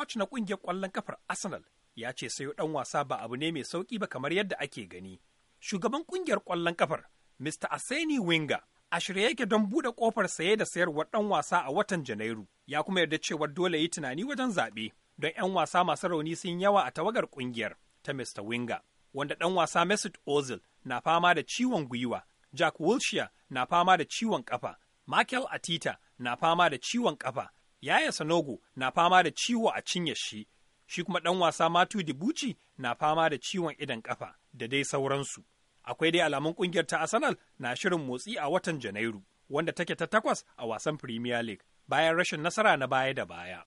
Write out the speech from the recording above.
coach na ƙungiyar ƙwallon kafar Arsenal ya ce sayo ɗan wasa ba abu ne mai sauƙi ba kamar yadda ake gani. Shugaban ƙungiyar ƙwallon kafar, Mr. Aseni Wenger, a shirye yake don buɗe ƙofar saye da sayarwar ɗan wasa a watan Janairu, ya kuma yarda cewa dole yi tunani wajen zaɓe, don 'yan wasa masu rauni sun yawa a tawagar ƙungiyar ta Mr. Wenger, wanda ɗan wasa Mesut Ozil na fama da ciwon gwiwa, Jack Wilshere na fama da ciwon kafa, Michael Atita na fama da ciwon kafa, Yaya Sanogo na fama da ciwo a cinyar shi, shi kuma ɗan wasa Matu Dibuci na fama da ciwon idan ƙafa da dai sauransu. Akwai dai alamun ƙungiyar ta Arsenal na shirin motsi a watan Janairu, wanda take ta takwas a wasan Premier League bayan rashin nasara na baya da baya.